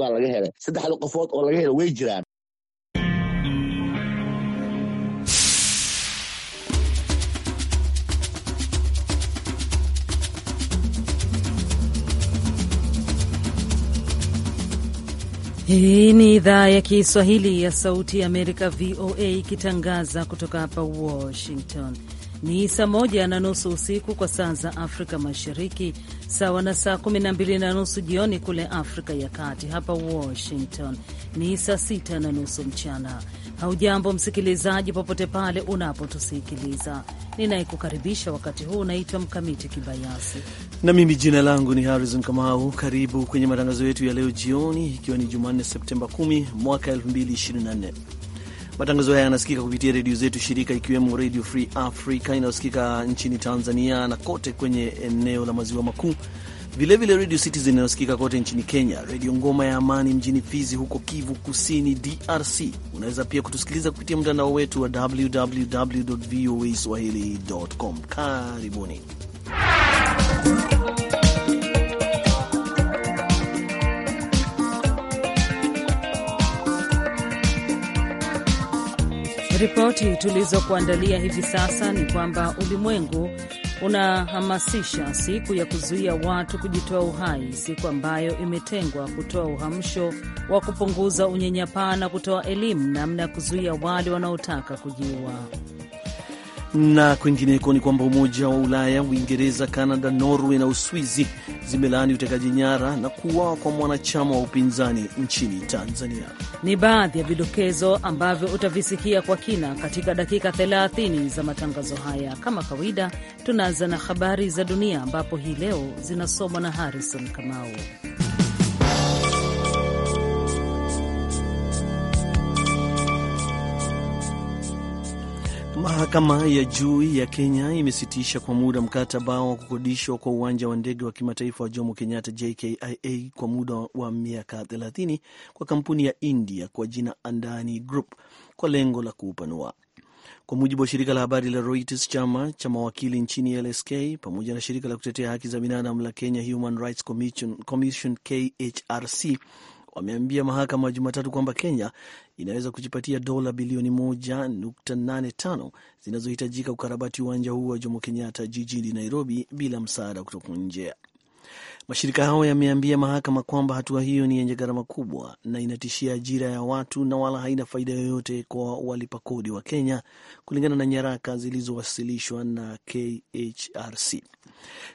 baa laga helay saddexda qofood oo laga helay way jiraan Hii ni idhaa ya Kiswahili ya Sauti ya Amerika, VOA, ikitangaza kutoka hapa Washington. Ni saa moja na nusu usiku kwa saa za Afrika Mashariki, sawa na saa kumi na mbili na nusu jioni kule Afrika ya Kati. Hapa Washington ni saa sita na nusu mchana. Haujambo msikilizaji, popote pale unapotusikiliza. Ninayekukaribisha wakati huu unaitwa Mkamiti Kibayasi na mimi jina langu ni Harrison Kamau. Karibu kwenye matangazo yetu ya leo jioni, ikiwa ni Jumanne Septemba 10 mwaka 2024. Matangazo haya yanasikika kupitia redio zetu shirika, ikiwemo Redio Free Africa inayosikika nchini Tanzania na kote kwenye eneo la maziwa makuu, vilevile Redio Citizen inayosikika kote nchini Kenya, Redio Ngoma ya Amani mjini Fizi huko Kivu Kusini, DRC. Unaweza pia kutusikiliza kupitia mtandao wetu wa www voa swahili.com. Karibuni. Ripoti tulizokuandalia hivi sasa ni kwamba ulimwengu unahamasisha siku ya kuzuia watu kujitoa uhai, siku ambayo imetengwa kutoa uhamsho wa kupunguza unyanyapaa na kutoa elimu namna ya kuzuia wale wanaotaka kujiua. Na kwingineko ni kwamba Umoja wa Ulaya, Uingereza, canada Norway na Uswizi zimelaani utekaji nyara na kuuawa kwa mwanachama wa upinzani nchini Tanzania. Ni baadhi ya vidokezo ambavyo utavisikia kwa kina katika dakika 30 za matangazo haya. Kama kawaida, tunaanza na habari za dunia ambapo hii leo zinasomwa na Harrison Kamau. Mahakama ya juu ya Kenya imesitisha kwa muda mkataba wa kukodishwa kwa uwanja wa ndege wa kimataifa wa Jomo Kenyatta JKIA kwa muda wa miaka 30 kwa kampuni ya India kwa jina Andani Group kwa lengo la kuupanua. Kwa mujibu wa shirika la habari la Reuters, chama cha mawakili nchini LSK pamoja na shirika la kutetea haki za binadamu la Kenya Human Rights Commission, Commission KHRC wameambia mahakama Jumatatu kwamba Kenya inaweza kujipatia dola bilioni 1.85 zinazohitajika ukarabati uwanja huu wa Jomo Kenyatta jijini Nairobi bila msaada kutoka nje. Mashirika hayo yameambia mahakama kwamba hatua hiyo ni yenye gharama kubwa na inatishia ajira ya watu na wala haina faida yoyote kwa walipa kodi wa Kenya, kulingana na nyaraka zilizowasilishwa na KHRC.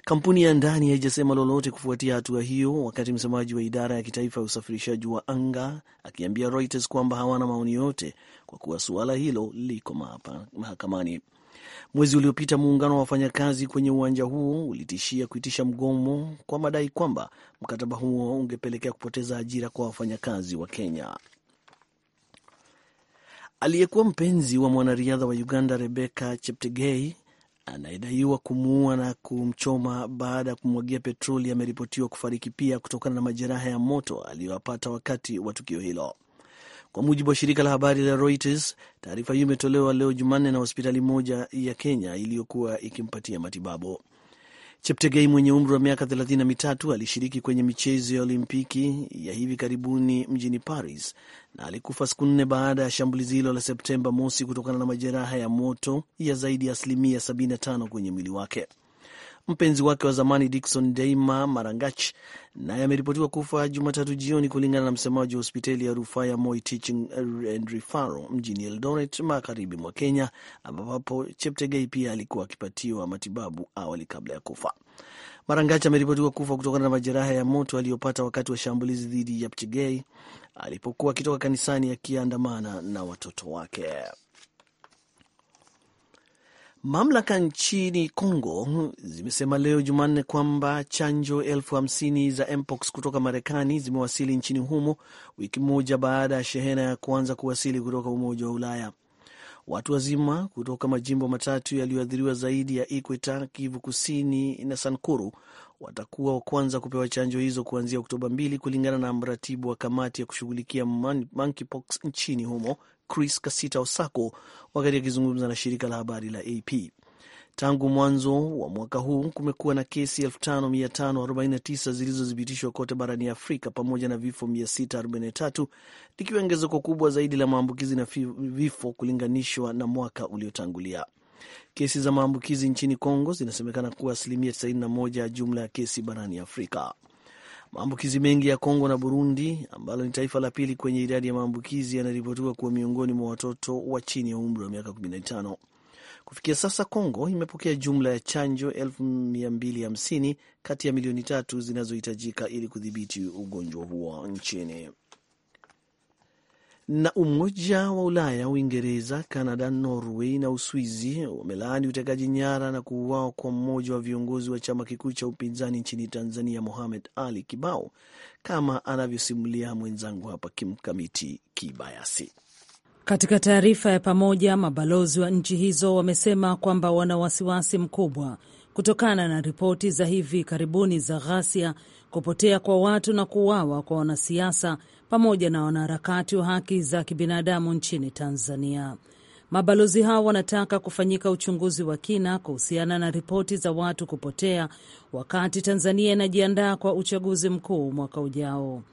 Kampuni ya ndani haijasema lolote kufuatia hatua hiyo, wakati msemaji wa idara ya kitaifa ya usafirishaji wa anga akiambia Reuters kwamba hawana maoni yote kwa kuwa suala hilo liko mahakamani. Mwezi uliopita muungano wa wafanyakazi kwenye uwanja huo ulitishia kuitisha mgomo kwa madai kwamba mkataba huo ungepelekea kupoteza ajira kwa wafanyakazi wa Kenya. Aliyekuwa mpenzi wa mwanariadha wa Uganda rebeka Cheptegei anayedaiwa kumuua na kumchoma baada ya kumwagia petroli ameripotiwa kufariki pia kutokana na majeraha ya moto aliyoyapata wakati wa tukio hilo. Kwa mujibu wa shirika la habari la Reuters, taarifa hiyo imetolewa leo Jumanne na hospitali moja ya Kenya iliyokuwa ikimpatia matibabu. Cheptegei mwenye umri wa miaka thelathini na mitatu alishiriki kwenye michezo ya Olimpiki ya hivi karibuni mjini Paris na alikufa siku nne baada ya shambulizi hilo la Septemba mosi kutokana na majeraha ya moto ya zaidi ya asilimia 75 kwenye mwili wake. Mpenzi wake wa zamani dikson Deima Marangach naye ameripotiwa kufa Jumatatu jioni, kulingana na msemaji wa hospitali ya rufaa ya Moi Teaching and Referral mjini Eldoret, magharibi mwa Kenya, ambapo Cheptegei pia alikuwa akipatiwa matibabu awali kabla ya kufa. Marangach ameripotiwa kufa kutokana na majeraha ya moto aliyopata wakati wa shambulizi dhidi ya Cheptegei alipokuwa akitoka kanisani akiandamana na watoto wake. Mamlaka nchini congo zimesema leo Jumanne kwamba chanjo elfu hamsini za mpox kutoka Marekani zimewasili nchini humo wiki moja baada ya shehena ya kuanza kuwasili kutoka Umoja wa Ulaya. Watu wazima kutoka majimbo matatu yaliyoathiriwa zaidi ya Ikweta, Kivu Kusini na Sankuru watakuwa wa kwanza kupewa chanjo hizo kuanzia Oktoba mbili, kulingana na mratibu wa kamati ya kushughulikia monkeypox nchini humo Chris Kasita Osako wakati akizungumza na shirika la habari la AP. Tangu mwanzo wa mwaka huu kumekuwa na kesi 5549 zilizothibitishwa kote barani Afrika pamoja na vifo 643 likiwa ongezeko kubwa zaidi la maambukizi na vifo kulinganishwa na mwaka uliotangulia. Kesi za maambukizi nchini Kongo zinasemekana kuwa asilimia 91 ya jumla ya kesi barani Afrika. Maambukizi mengi ya Kongo na Burundi, ambalo ni taifa la pili kwenye idadi ya maambukizi, yanaripotiwa kuwa miongoni mwa watoto wa chini ya umri wa miaka 15. Kufikia sasa Kongo imepokea jumla ya chanjo 250 kati ya milioni tatu zinazohitajika ili kudhibiti ugonjwa huo nchini na Umoja wa Ulaya, Uingereza, Canada, Norway na Uswizi wamelaani utekaji nyara na kuuawa kwa mmoja wa viongozi wa chama kikuu cha upinzani nchini Tanzania, Mohamed Ali Kibao, kama anavyosimulia mwenzangu hapa Kimkamiti Kibayasi. Katika taarifa ya pamoja, mabalozi wa nchi hizo wamesema kwamba wana wasiwasi mkubwa kutokana na ripoti za hivi karibuni za ghasia, kupotea kwa watu na kuuawa kwa wanasiasa pamoja na wanaharakati wa haki za kibinadamu nchini Tanzania. Mabalozi hao wanataka kufanyika uchunguzi wa kina kuhusiana na ripoti za watu kupotea wakati Tanzania inajiandaa kwa uchaguzi mkuu mwaka ujao.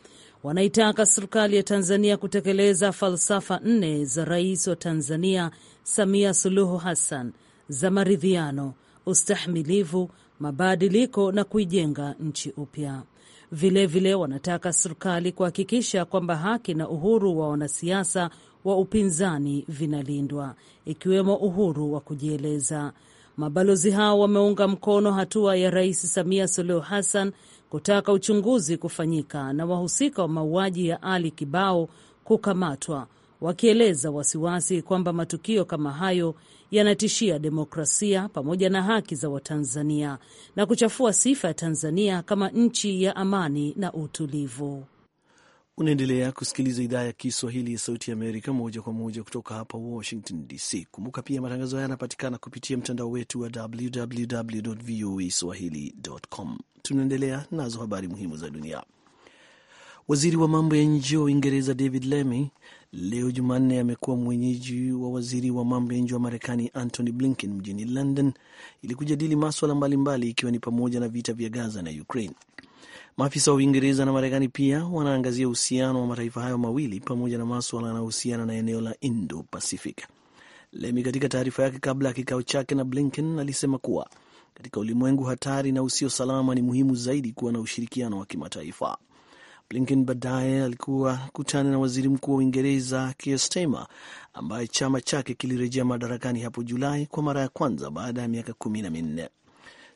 Wanaitaka serikali ya Tanzania kutekeleza falsafa nne za rais wa Tanzania Samia Suluhu Hassan za maridhiano, ustahimilivu, mabadiliko na kuijenga nchi upya. Vilevile vile wanataka serikali kuhakikisha kwamba haki na uhuru wa wanasiasa wa upinzani vinalindwa, ikiwemo uhuru wa kujieleza. Mabalozi hao wameunga mkono hatua ya Rais Samia Suluhu Hassan kutaka uchunguzi kufanyika na wahusika wa mauaji ya Ali Kibao kukamatwa wakieleza wasiwasi kwamba matukio kama hayo yanatishia demokrasia pamoja na haki za Watanzania na kuchafua sifa ya Tanzania kama nchi ya amani na utulivu. Unaendelea kusikiliza idhaa ya Kiswahili ya Sauti ya Amerika moja kwa moja kutoka hapa Washington DC. Kumbuka pia matangazo haya yanapatikana kupitia mtandao wetu wa www voa swahili com. Tunaendelea nazo habari muhimu za dunia. Waziri wa mambo ya nje wa Uingereza David Lammy leo Jumanne amekuwa mwenyeji wa waziri wa mambo ya nje wa Marekani Antony Blinken mjini London ili kujadili maswala mbalimbali ikiwa ni pamoja na vita vya Gaza na Ukraine. Maafisa wa Uingereza na Marekani pia wanaangazia uhusiano wa mataifa hayo mawili pamoja na maswala yanayohusiana na eneo la Indo Pacific. Lemi katika taarifa yake kabla ya kikao chake na Blinken alisema kuwa katika ulimwengu hatari na usio salama ni muhimu zaidi kuwa na ushirikiano wa kimataifa. Blinken baadaye alikuwa kutana na waziri mkuu wa Uingereza Keir Starmer ambaye chama chake kilirejea madarakani hapo Julai kwa mara ya kwanza baada ya miaka kumi na minne.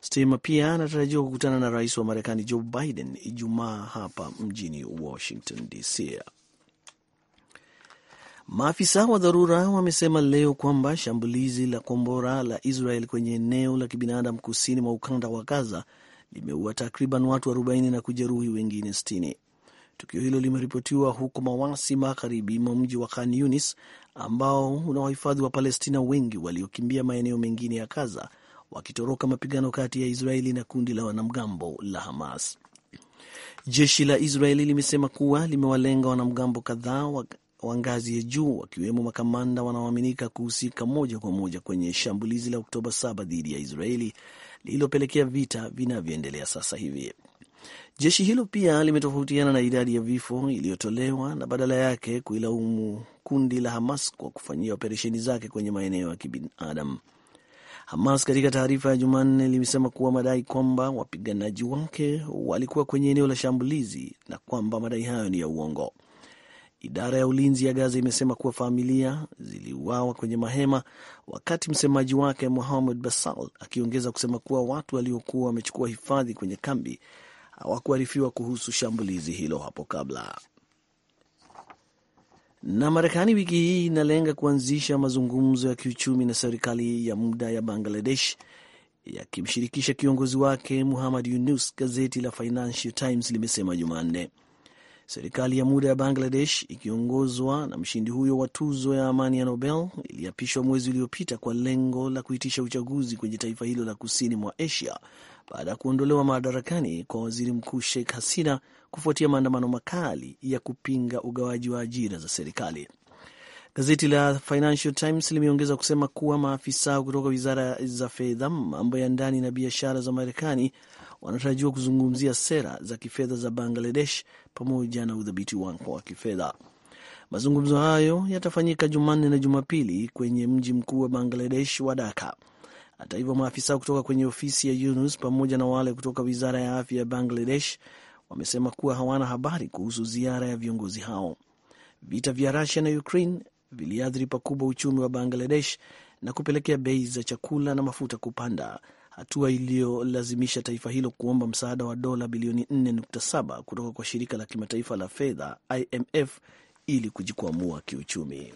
Starmer pia anatarajiwa kukutana na rais wa Marekani Joe Biden Ijumaa hapa mjini Washington DC. Maafisa wa dharura wamesema leo kwamba shambulizi la kombora la Israel kwenye eneo la kibinadamu kusini mwa ukanda wa Gaza limeua takriban watu 40 na kujeruhi wengine Tukio hilo limeripotiwa huko Mawasi, magharibi mwa mji wa Khan Yunis, ambao una wahifadhi wa Palestina wengi waliokimbia maeneo mengine ya Gaza wakitoroka mapigano kati ya Israeli na kundi la wanamgambo la Hamas. Jeshi la Israeli limesema kuwa limewalenga wanamgambo kadhaa wa ngazi ya juu wakiwemo makamanda wanaoaminika kuhusika moja kwa moja kwenye shambulizi la Oktoba 7 dhidi ya Israeli lililopelekea vita vinavyoendelea sasa hivi. Jeshi hilo pia limetofautiana na idadi ya vifo iliyotolewa na badala yake kuilaumu kundi la Hamas kwa kufanyia operesheni zake kwenye maeneo ya kibinadamu. Hamas katika taarifa ya Jumanne limesema kuwa madai kwamba wapiganaji wake walikuwa kwenye eneo la shambulizi na kwamba madai hayo ni ya uongo. Idara ya ulinzi ya Gaza imesema kuwa familia ziliuawa kwenye mahema, wakati msemaji wake Muhamed Basal akiongeza kusema kuwa watu waliokuwa wamechukua hifadhi kwenye kambi hawakuarifiwa kuhusu shambulizi hilo hapo kabla. Na Marekani wiki hii inalenga kuanzisha mazungumzo ya kiuchumi na serikali ya muda ya Bangladesh yakimshirikisha kiongozi wake Muhammad Yunus, gazeti la Financial Times limesema Jumanne. Serikali ya muda ya Bangladesh ikiongozwa na mshindi huyo wa tuzo ya amani ya Nobel iliapishwa mwezi uliopita kwa lengo la kuitisha uchaguzi kwenye taifa hilo la kusini mwa Asia baada ya kuondolewa madarakani kwa waziri mkuu Sheikh Hasina kufuatia maandamano makali ya kupinga ugawaji wa ajira za serikali. Gazeti la Financial Times limeongeza kusema kuwa maafisa kutoka wizara za fedha, mambo ya ndani na biashara za Marekani wanatarajiwa kuzungumzia sera za kifedha za Bangladesh pamoja na udhibiti wako wa kifedha. Mazungumzo hayo yatafanyika Jumanne na Jumapili kwenye mji mkuu wa Bangladesh wa Dhaka. Hata hivyo, maafisa kutoka kwenye ofisi ya Yunus pamoja na wale kutoka wizara ya afya ya Bangladesh wamesema kuwa hawana habari kuhusu ziara ya viongozi hao. Vita vya Rusia na Ukraine viliathiri pakubwa uchumi wa Bangladesh na kupelekea bei za chakula na mafuta kupanda, hatua iliyolazimisha taifa hilo kuomba msaada wa dola bilioni 4.7 kutoka kwa shirika la kimataifa la fedha IMF ili kujikwamua kiuchumi.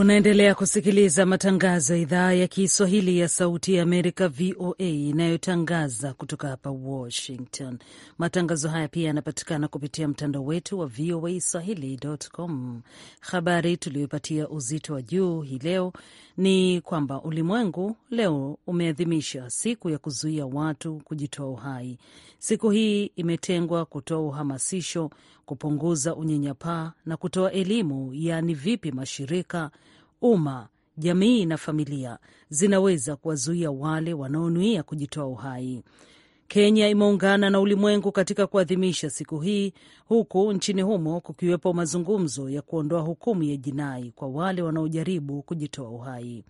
Unaendelea kusikiliza matangazo ya idhaa ya Kiswahili ya Sauti ya Amerika, VOA, inayotangaza kutoka hapa Washington. Matangazo haya pia yanapatikana kupitia mtandao wetu wa VOA Swahili.com. Habari tuliyoipatia uzito wa juu hii leo ni kwamba ulimwengu leo umeadhimisha siku ya kuzuia watu kujitoa uhai. Siku hii imetengwa kutoa uhamasisho, kupunguza unyanyapaa na kutoa elimu, yaani vipi mashirika umma, jamii na familia zinaweza kuwazuia wale wanaonuia kujitoa uhai. Kenya imeungana na ulimwengu katika kuadhimisha siku hii, huku nchini humo kukiwepo mazungumzo ya kuondoa hukumu ya jinai kwa wale wanaojaribu kujitoa uhai.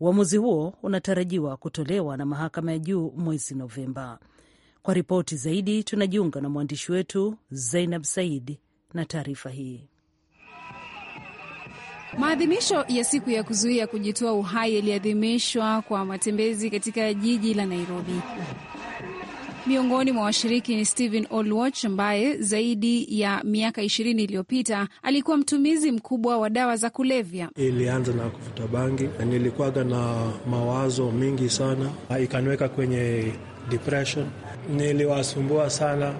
Uamuzi huo unatarajiwa kutolewa na mahakama ya juu mwezi Novemba. Kwa ripoti zaidi, tunajiunga na mwandishi wetu Zainab Said na taarifa hii. Maadhimisho ya siku ya kuzuia kujitoa uhai yaliadhimishwa kwa matembezi katika jiji la Nairobi. Miongoni mwa washiriki ni Stephen Olwach ambaye zaidi ya miaka ishirini iliyopita alikuwa mtumizi mkubwa wa dawa za kulevya. Ilianza na kuvuta bangi, nilikuwaga na mawazo mingi sana, ikaniweka kwenye depression. Niliwasumbua sana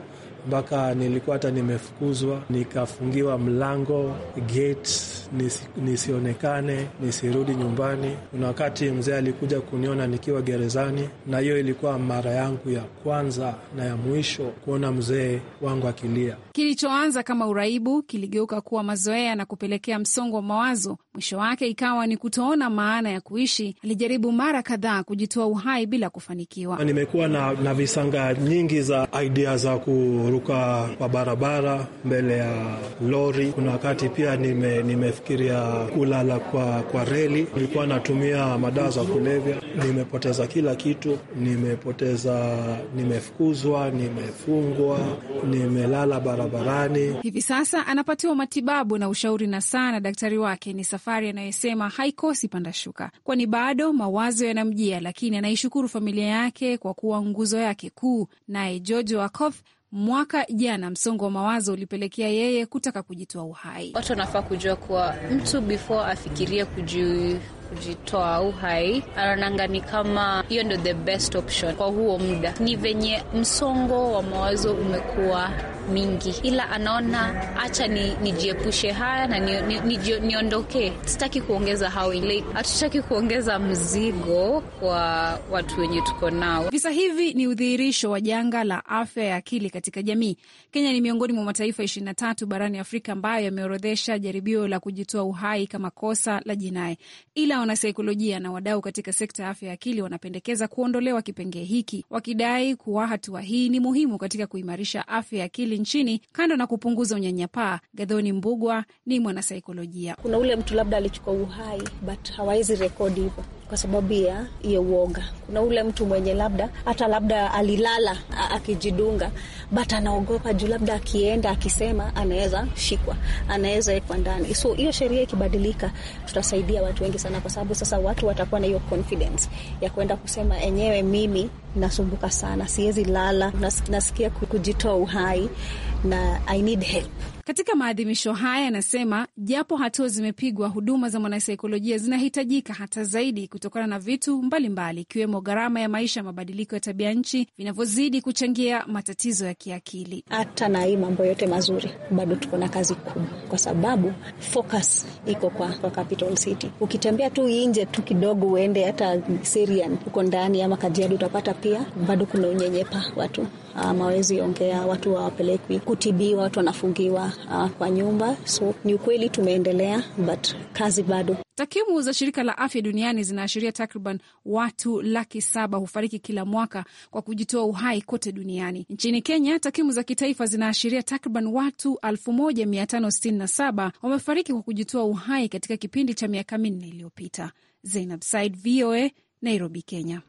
mpaka nilikuwa hata nimefukuzwa, nikafungiwa mlango gate, nisi, nisionekane, nisirudi nyumbani. Kuna wakati mzee alikuja kuniona nikiwa gerezani, na hiyo ilikuwa mara yangu ya kwanza na ya mwisho kuona mzee wangu akilia. Kilichoanza kama uraibu kiligeuka kuwa mazoea na kupelekea msongo wa mawazo, mwisho wake ikawa ni kutoona maana ya kuishi. Alijaribu mara kadhaa kujitoa uhai bila kufanikiwa. Nimekuwa na, na visanga nyingi za idea za ku kuruka kwa barabara mbele ya lori. Kuna wakati pia nime, nimefikiria kulala kwa, kwa reli. Nilikuwa natumia madawa za kulevya, nimepoteza kila kitu, nimepoteza, nimefukuzwa, nimefungwa, nimelala barabarani. Hivi sasa anapatiwa matibabu na ushauri na sana daktari wake. Ni safari anayosema haikosi panda shuka kwani bado mawazo yanamjia, lakini anaishukuru familia yake kwa kuwa nguzo yake kuu. Naye Jojo Akof Mwaka jana msongo wa mawazo ulipelekea yeye kutaka kujitoa uhai. Watu wanafaa kujua kuwa mtu before afikirie kuji kujitoa uhai, anaonanga ni kama hiyo ndo the best option kwa huo muda. Ni venye msongo wa mawazo umekuwa mingi, ila anaona acha nijiepushe ni haya na niondoke, ni, ni, ni sitaki kuongeza hawili, hatutaki kuongeza mzigo wa watu wenye tuko nao. Visa hivi ni udhihirisho wa janga la afya ya akili katika jamii. Kenya ni miongoni mwa mataifa tatu barani Afrika ambayo yameorodhesha jaribio la kujitoa uhai kama kosa la jinai, ila wanasaikolojia na wadau katika sekta ya afya ya akili wanapendekeza kuondolewa kipengee hiki, wakidai kuwa hatua hii ni muhimu katika kuimarisha afya ya akili nchini, kando na kupunguza unyanyapaa. Gadhoni Mbugwa ni mwanasaikolojia. Kuna ule mtu labda alichukua uhai but hawawezi rekodi hivyo kwa sababu ya hiyo uoga. Kuna ule mtu mwenye labda hata labda alilala akijidunga, but anaogopa juu labda akienda akisema anaweza shikwa, anaweza ekwa ndani. So hiyo sheria ikibadilika, tutasaidia watu wengi sana kwa sababu sasa watu watakuwa na hiyo confidence ya kwenda kusema enyewe, mimi nasumbuka sana, siwezi lala, nasikia kujitoa uhai na I need help. Katika maadhimisho haya, anasema japo hatua zimepigwa, huduma za mwanasaikolojia zinahitajika hata zaidi kutokana na vitu mbalimbali ikiwemo mbali, gharama ya maisha, mabadiliko ya tabia nchi vinavyozidi kuchangia matatizo ya kiakili. Hata na hii mambo yote mazuri, bado tuko na kazi kubwa, kwa sababu focus iko kwa, kwa capital city. Ukitembea tu nje tu kidogo, uende hata Serian huko ndani ama kajiadi utapata pia bado kuna unyenyepa, watu mawezi ah, ongea, watu hawapelekwi kutibiwa, watu wanafungiwa uh, kwa nyumba. So ni ukweli tumeendelea, but kazi bado. Takwimu za shirika la afya duniani zinaashiria takriban watu laki saba hufariki kila mwaka kwa kujitoa uhai kote duniani. Nchini Kenya, takwimu za kitaifa zinaashiria takriban watu 1567 wamefariki kwa kujitoa uhai katika kipindi cha miaka minne iliyopita. Zainab Said, VOA, Nairobi, Kenya.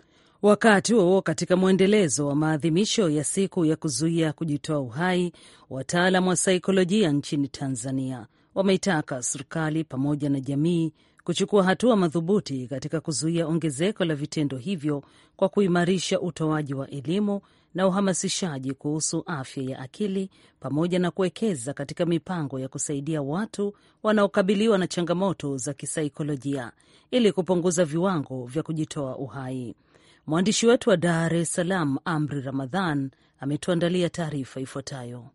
Wakati huo katika mwendelezo wa maadhimisho ya siku ya kuzuia kujitoa uhai, wataalam wa saikolojia nchini Tanzania wameitaka serikali pamoja na jamii kuchukua hatua madhubuti katika kuzuia ongezeko la vitendo hivyo kwa kuimarisha utoaji wa elimu na uhamasishaji kuhusu afya ya akili pamoja na kuwekeza katika mipango ya kusaidia watu wanaokabiliwa na changamoto za kisaikolojia ili kupunguza viwango vya kujitoa uhai. Mwandishi wetu wa Dar es Salaam, Amri Ramadhan, ametuandalia taarifa ifuatayo.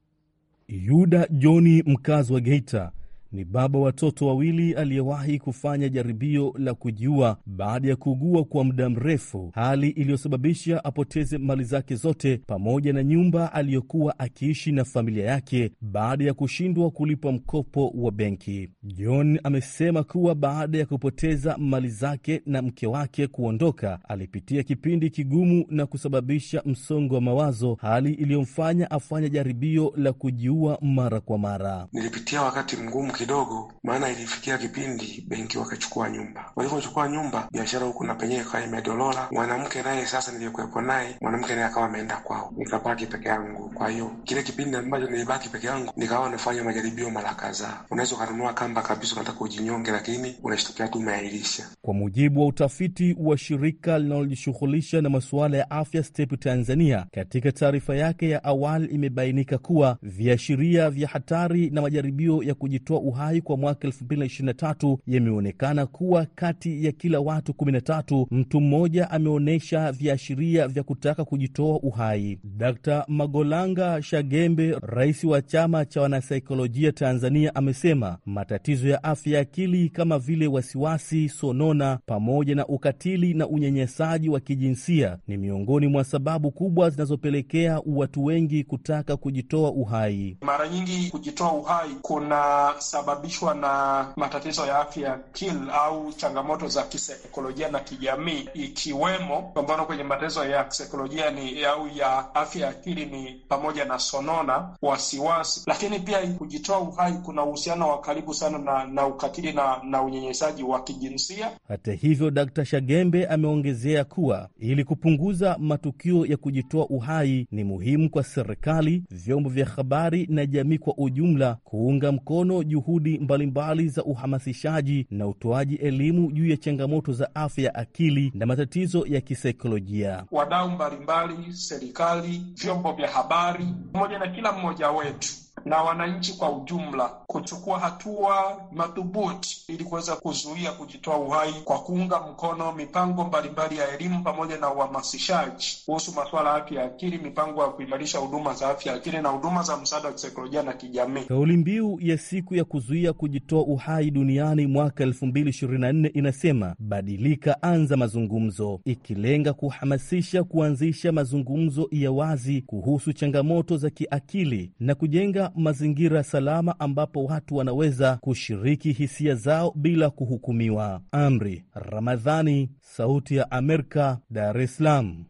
Yuda Joni, mkazi wa Geita, ni baba watoto wawili aliyewahi kufanya jaribio la kujiua baada ya kuugua kwa muda mrefu, hali iliyosababisha apoteze mali zake zote pamoja na nyumba aliyokuwa akiishi na familia yake baada ya kushindwa kulipa mkopo wa benki. John amesema kuwa baada ya kupoteza mali zake na mke wake kuondoka, alipitia kipindi kigumu na kusababisha msongo wa mawazo, hali iliyomfanya afanya jaribio la kujiua mara kwa mara. Nilipitia wakati mgumu kidogo, maana ilifikia kipindi benki wakachukua nyumba. Walivyochukua nyumba, biashara huku na penyewe ikawa imedolola. Mwanamke naye sasa niliyokuwepo naye, mwanamke naye akawa ameenda kwao, nikabaki peke yangu. Kwa hiyo kile kipindi ambacho nilibaki peke yangu, nikawa nafanya majaribio mara kadhaa. Unaweza ukanunua kamba kabisa, unataka ujinyonge, lakini unashitokea tu umeahirisha. Kwa mujibu wa utafiti wa shirika linalojishughulisha na masuala ya afya STEP Tanzania, katika taarifa yake ya awali imebainika kuwa viashiria vya hatari na majaribio ya kujitoa uhai kwa mwaka 2023 yameonekana kuwa kati ya kila watu 13 mtu mmoja ameonyesha viashiria vya kutaka kujitoa uhai. Dkt. Magolanga Shagembe, rais wa chama cha wanasaikolojia Tanzania, amesema matatizo ya afya ya akili kama vile wasiwasi, sonona, pamoja na ukatili na unyanyasaji wa kijinsia ni miongoni mwa sababu kubwa zinazopelekea watu wengi kutaka kujitoa uhai. Mara nyingi kujitoa uhai kuna kusababishwa na matatizo ya afya ya akili au changamoto za kisaikolojia na kijamii, ikiwemo kwa mfano kwenye matatizo ya kisaikolojia ni au ya afya ya akili ni pamoja na sonona, wasiwasi, lakini pia kujitoa uhai kuna uhusiano wa karibu sana na, na ukatili na, na unyenyesaji wa kijinsia. Hata hivyo, Dkt. Shagembe ameongezea kuwa ili kupunguza matukio ya kujitoa uhai ni muhimu kwa serikali, vyombo vya habari na jamii kwa ujumla kuunga mkono juhu juhudi mbalimbali za uhamasishaji na utoaji elimu juu ya changamoto za afya ya akili na matatizo ya kisaikolojia. Wadau mbalimbali, serikali, vyombo vya habari, pamoja na kila mmoja wetu na wananchi kwa ujumla kuchukua hatua madhubuti ili kuweza kuzuia kujitoa uhai kwa kuunga mkono mipango mbalimbali ya elimu pamoja na uhamasishaji kuhusu masuala ya afya ya akili, mipango ya kuimarisha huduma za afya ya akili na huduma za msaada wa kisaikolojia na kijamii. Kauli mbiu ya siku ya kuzuia kujitoa uhai duniani mwaka 2024 inasema badilika, anza mazungumzo, ikilenga kuhamasisha kuanzisha mazungumzo ya wazi kuhusu changamoto za kiakili na kujenga mazingira salama ambapo watu wanaweza kushiriki hisia zao bila kuhukumiwa. Amri Ramadhani, Sauti ya Amerika, Dar es Salaam.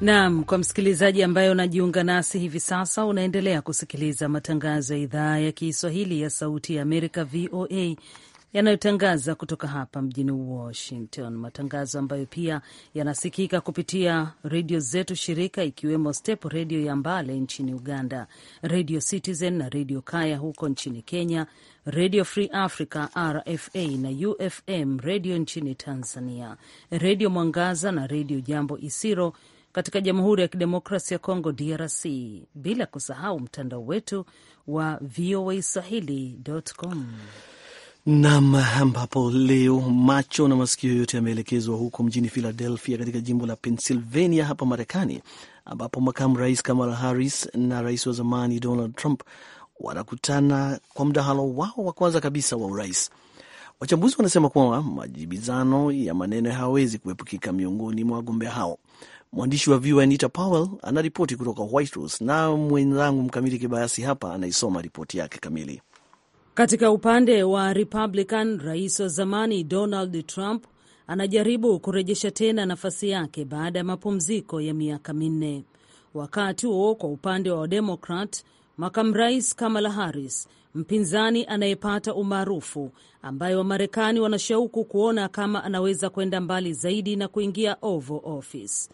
Naam, kwa msikilizaji ambaye unajiunga nasi hivi sasa, unaendelea kusikiliza matangazo ya idhaa ya Kiswahili ya Sauti ya Amerika, VOA yanayotangaza kutoka hapa mjini Washington, matangazo ambayo pia yanasikika kupitia redio zetu shirika, ikiwemo Step Redio ya Mbale nchini Uganda, Redio Citizen na Redio Kaya huko nchini Kenya, Redio Free Africa RFA na UFM redio nchini Tanzania, Redio Mwangaza na Redio Jambo Isiro katika Jamhuri ya Kidemokrasi ya Kongo DRC, bila kusahau mtandao wetu wa VOA Swahili.com. Nam, ambapo leo macho na masikio yote yameelekezwa huko mjini Philadelphia katika jimbo la Pennsylvania hapa Marekani, ambapo makamu rais Kamala Harris na rais wa zamani Donald Trump wanakutana kwa mdahalo wao wa kwanza kabisa wa urais. Wachambuzi wanasema kwamba majibizano ya maneno hayawezi kuepukika miongoni mwa wagombea hao. Mwandishi wa VOA Anita Powell anaripoti kutoka White House na mwenzangu Mkamili Kibayasi hapa anaisoma ripoti yake kamili. Katika upande wa Republican, rais wa zamani Donald Trump anajaribu kurejesha tena nafasi yake baada ya mapumziko ya miaka minne. Wakati huo kwa upande wa wademokrat makamu rais Kamala Harris, mpinzani anayepata umaarufu, ambaye Wamarekani wanashauku kuona kama anaweza kwenda mbali zaidi na kuingia Oval Office.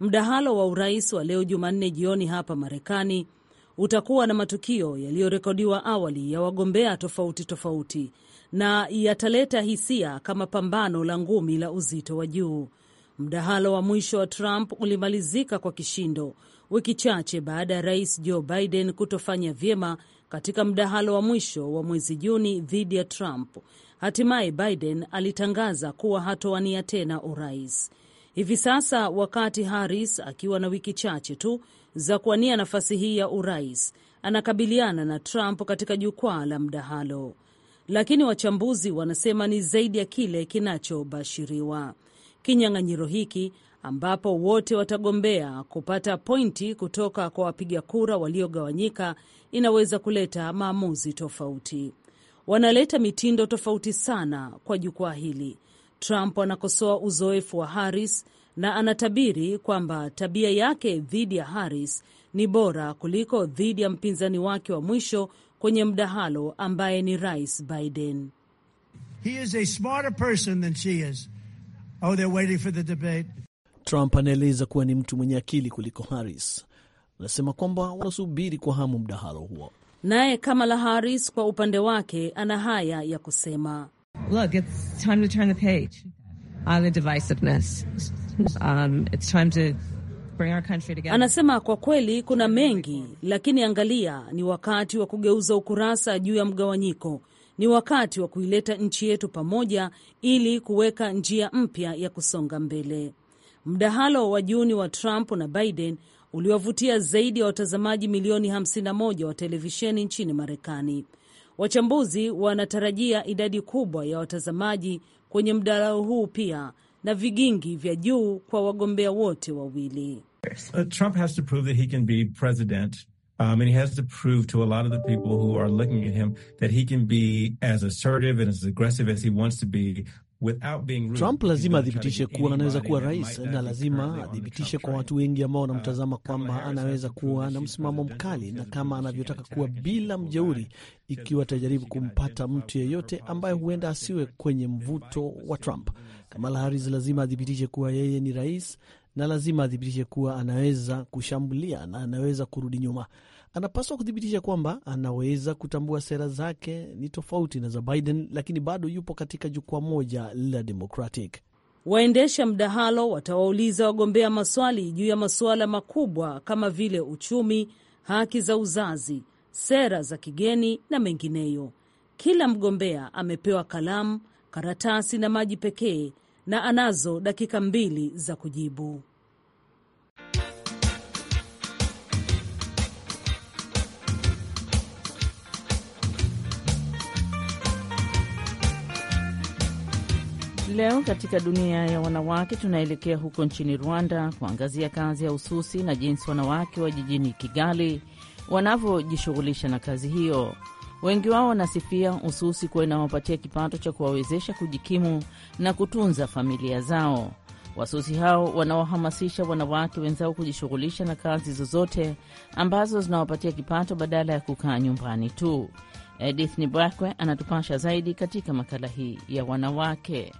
Mdahalo wa urais wa leo Jumanne jioni hapa Marekani utakuwa na matukio yaliyorekodiwa awali ya wagombea tofauti tofauti na yataleta hisia kama pambano la ngumi la uzito wa juu. Mdahalo wa mwisho wa Trump ulimalizika kwa kishindo wiki chache baada ya rais Joe Biden kutofanya vyema katika mdahalo wa mwisho wa mwezi Juni dhidi ya Trump. Hatimaye Biden alitangaza kuwa hatowania tena urais. Hivi sasa wakati Harris akiwa na wiki chache tu za kuwania nafasi hii ya urais anakabiliana na Trump katika jukwaa la mdahalo, lakini wachambuzi wanasema ni zaidi ya kile kinachobashiriwa. Kinyang'anyiro hiki ambapo wote watagombea kupata pointi kutoka kwa wapiga kura waliogawanyika, inaweza kuleta maamuzi tofauti. Wanaleta mitindo tofauti sana kwa jukwaa hili. Trump anakosoa uzoefu wa Harris na anatabiri kwamba tabia yake dhidi ya Harris ni bora kuliko dhidi ya mpinzani wake wa mwisho kwenye mdahalo ambaye ni Rais Biden. Oh, Trump anaeleza kuwa ni mtu mwenye akili kuliko Harris. Anasema kwamba wanasubiri kwa hamu mdahalo huo. Naye Kamala Harris kwa upande wake ana haya ya kusema: Look, it's time to turn the page on the divisiveness. Um, it's time to bring our country together. Anasema kwa kweli kuna mengi, lakini angalia, ni wakati wa kugeuza ukurasa juu ya mgawanyiko. Ni wakati wa kuileta nchi yetu pamoja ili kuweka njia mpya ya kusonga mbele. Mdahalo wa Juni wa Trump na Biden uliwavutia zaidi ya watazamaji milioni 51 wa televisheni nchini Marekani. Wachambuzi wanatarajia idadi kubwa ya watazamaji kwenye mdahalo huu pia na vigingi vya juu kwa wagombea wote wawili. Uh, Trump has to prove that he can be president. Um, and he has to prove to a lot of the people who are looking at him that he can be as assertive and as aggressive as he wants to be Trump lazima athibitishe kuwa anaweza kuwa rais na lazima athibitishe kwa watu wengi ambao uh, wanamtazama kwamba anaweza kuwa na msimamo mkali na kama anavyotaka kuwa bila mjeuri, ikiwa atajaribu kumpata mtu yeyote ambaye huenda asiwe kwenye mvuto wa Trump. Kamala Harris lazima athibitishe kuwa yeye ni rais na lazima athibitishe kuwa anaweza kushambulia na anaweza kurudi nyuma anapaswa kuthibitisha kwamba anaweza kutambua sera zake ni tofauti na za Biden, lakini bado yupo katika jukwaa moja la Democratic. Waendesha mdahalo watawauliza wagombea maswali juu ya masuala makubwa kama vile uchumi, haki za uzazi, sera za kigeni na mengineyo. Kila mgombea amepewa kalamu, karatasi na maji pekee na anazo dakika mbili za kujibu. Leo katika dunia ya wanawake, tunaelekea huko nchini Rwanda kuangazia kazi ya ususi na jinsi wanawake wa jijini Kigali wanavyojishughulisha na kazi hiyo. Wengi wao wanasifia ususi kuwa inawapatia kipato cha kuwawezesha kujikimu na kutunza familia zao. Wasusi hao wanawahamasisha wanawake wenzao kujishughulisha na kazi zozote ambazo zinawapatia kipato badala ya kukaa nyumbani tu. Edith Nibwakwe anatupasha zaidi katika makala hii ya wanawake.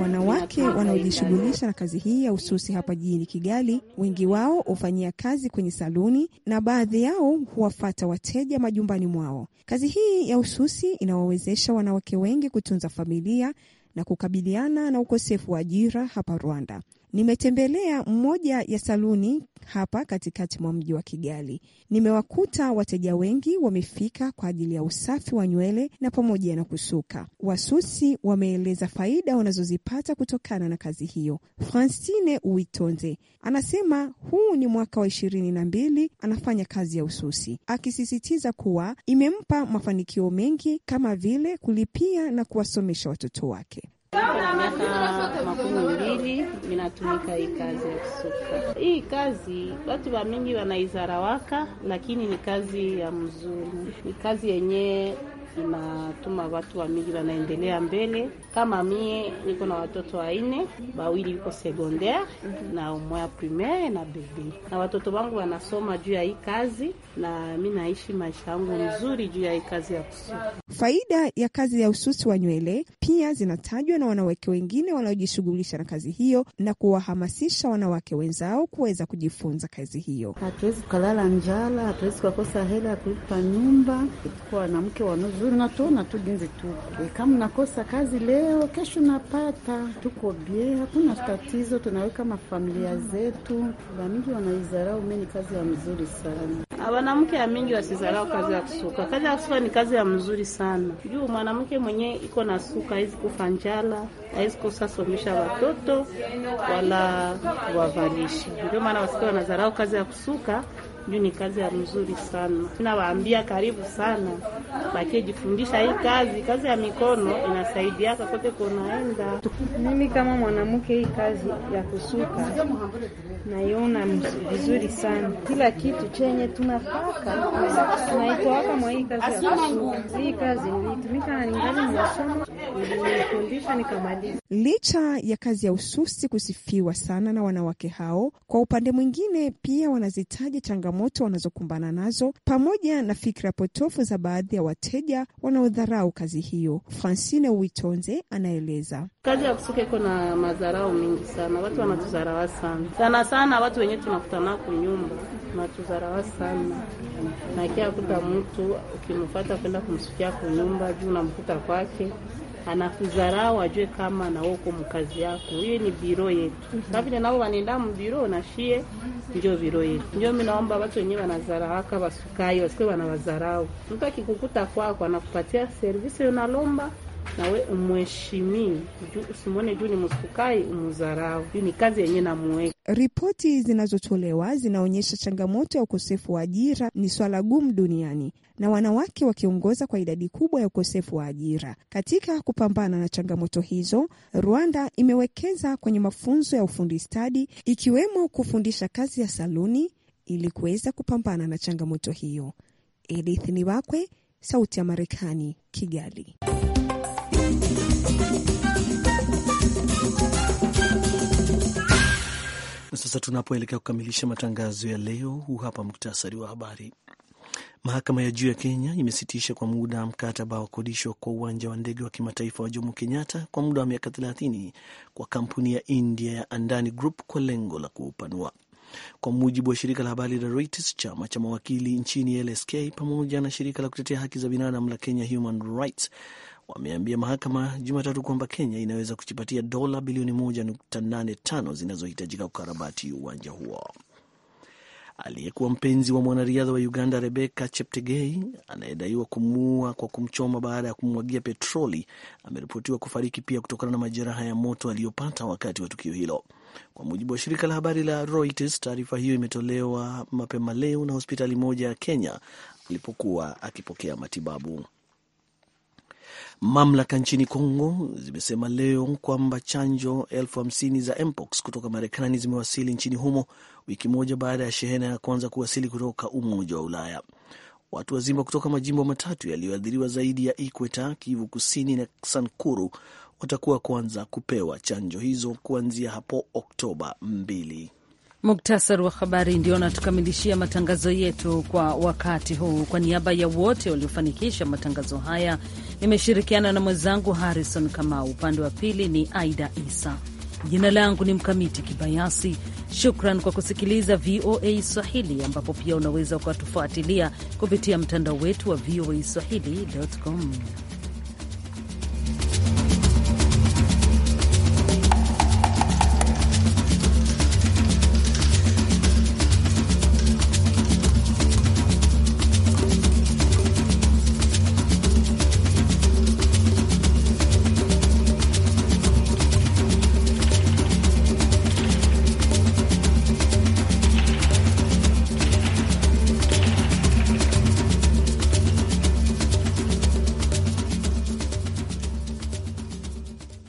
Wanawake wanaojishughulisha na kazi hii ya ususi hapa jijini Kigali, wengi wao hufanyia kazi kwenye saluni na baadhi yao huwafata wateja majumbani mwao. Kazi hii ya ususi inawawezesha wanawake wengi kutunza familia na kukabiliana na ukosefu wa ajira hapa Rwanda. Nimetembelea mmoja ya saluni hapa katikati mwa mji wa Kigali. Nimewakuta wateja wengi wamefika kwa ajili ya usafi wa nywele na pamoja na kusuka. Wasusi wameeleza faida wanazozipata kutokana na kazi hiyo. Francine Uitonze anasema huu ni mwaka wa ishirini na mbili anafanya kazi ya ususi, akisisitiza kuwa imempa mafanikio mengi kama vile kulipia na kuwasomesha watoto wake. Miaka makumi mbili minatumika hii kazi ya kusuka. Hii kazi watu wa mingi wanaizarawaka, lakini ni kazi ya mzuri, ni kazi yenye inatuma watu wa mingi wanaendelea mbele. Kama mie niko na watoto waine, wawili iko secondaire na umoya primaire na bebe, na watoto wangu wanasoma juu ya hii kazi, na mi naishi maisha yangu mzuri juu ya hii kazi ya kusuka Faida ya kazi ya ususi wa nywele pia zinatajwa na wanawake wengine wanaojishughulisha na kazi hiyo na kuwahamasisha wanawake wenzao kuweza kujifunza kazi hiyo. Hatuwezi kulala njala, hatuwezi kukosa hela ya kulipa nyumba, wanamke wanao na tuona tu jinsi tuko e, kama nakosa kazi leo, kesho napata. Tuko bie, hakuna tatizo, tunaweka mafamilia zetu. Bamingi wanaizarau meni, kazi ya mzuri sana. Ah, Wanamke ya mingi wasizarau kazi ya kusuka. Kazi ya kusuka ni kazi ya mzuri sana juu mwanamke mwenye iko na suka haizi kufa njala, haizi kosa watoto wala wavalishi Ndio maana wasikia wanazarau kazi ya kusuka ndio ni kazi ya mzuri sana. Tunawaambia karibu sana bakie jifundisha hii kazi, kazi ya mikono inasaidiaka kote kunaenda. Mimi kama mwanamke, hii kazi ya kusuka naiona vizuri sana. Kila kitu chenye tunapaka tunaitoaka mwa hii kazi ya kusuka. Hii kazi ilitumika na ningali masomo ilinifundisha nikamaliza. Licha ya kazi ya ususi kusifiwa sana na wanawake hao, kwa upande mwingine pia wanazitaja changamoto changamoto wanazokumbana nazo pamoja na fikra potofu za baadhi ya wateja wanaodharau kazi hiyo. Francine Witonze anaeleza. Kazi ya kusuka iko na madharau mingi sana, watu wanatuzarawa sana sana sana, watu wenyewe tunakutana kunyumba natuzarawa sana nakia kuta mtu ukimfata kwenda kumsukia kunyumba juu namkuta kwake anakuzarau ajue kama na woko mkazi yako. Hiyo ni biro yetu, sa nao wanenda mubiro nashie njo biro yetu. Njo minaomba naomba watu wenyewe wanazarahaka wasukayo wasikwe wanawazarau. Mtu akikukuta kwako anakupatia servisi unalomba nawe umweshimi usimwone juu ni msukai umuzarau, juu ni kazi yenye namuweka. Ripoti zinazotolewa zinaonyesha changamoto ya ukosefu wa ajira ni swala gumu duniani na wanawake wakiongoza kwa idadi kubwa ya ukosefu wa ajira. Katika kupambana na changamoto hizo, Rwanda imewekeza kwenye mafunzo ya ufundi stadi, ikiwemo kufundisha kazi ya saluni ili kuweza kupambana na changamoto hiyo. Edith Niwakwe, Sauti ya Marekani, Kigali. sasa tunapoelekea kukamilisha matangazo ya leo, huu hapa muktasari wa habari. Mahakama ya juu ya Kenya imesitisha kwa muda mkataba wa kodishwa kwa uwanja wa ndege wa kimataifa wa Jomo Kenyatta kwa muda wa miaka 30 kwa kampuni ya India ya Andani Group kwa lengo la kuupanua. Kwa mujibu wa shirika la habari la Reuters, chama cha mawakili nchini LSK pamoja na shirika la kutetea haki za binadamu la Kenya Human Rights wameambia mahakama Jumatatu kwamba Kenya inaweza kujipatia dola bilioni 1.85 zinazohitajika kukarabati uwanja huo. Aliyekuwa mpenzi wa mwanariadha wa Uganda Rebeka Cheptegei anayedaiwa kumuua kwa kumchoma baada ya kumwagia petroli ameripotiwa kufariki pia kutokana na majeraha ya moto aliyopata wakati wa tukio hilo, kwa mujibu wa shirika la habari la Reuters. Taarifa hiyo imetolewa mapema leo na hospitali moja ya Kenya alipokuwa akipokea matibabu. Mamlaka nchini congo zimesema leo kwamba chanjo elfu hamsini za mpox kutoka Marekani zimewasili nchini humo wiki moja baada ya shehena ya kwanza kuwasili kutoka Umoja wa Ulaya. Watu wazima kutoka majimbo matatu yaliyoathiriwa zaidi ya Ikweta, Kivu Kusini na Sankuru watakuwa kwanza kupewa chanjo hizo kuanzia hapo Oktoba mbili. Muktasari wa habari ndio anatukamilishia matangazo yetu kwa wakati huu. Kwa niaba ya wote waliofanikisha matangazo haya, nimeshirikiana na mwenzangu Harrison Kamau, upande wa pili ni Aida Isa. Jina langu ni Mkamiti Kibayasi. Shukran kwa kusikiliza VOA Swahili, ambapo pia unaweza ukatufuatilia kupitia mtandao wetu wa voa swahili.com.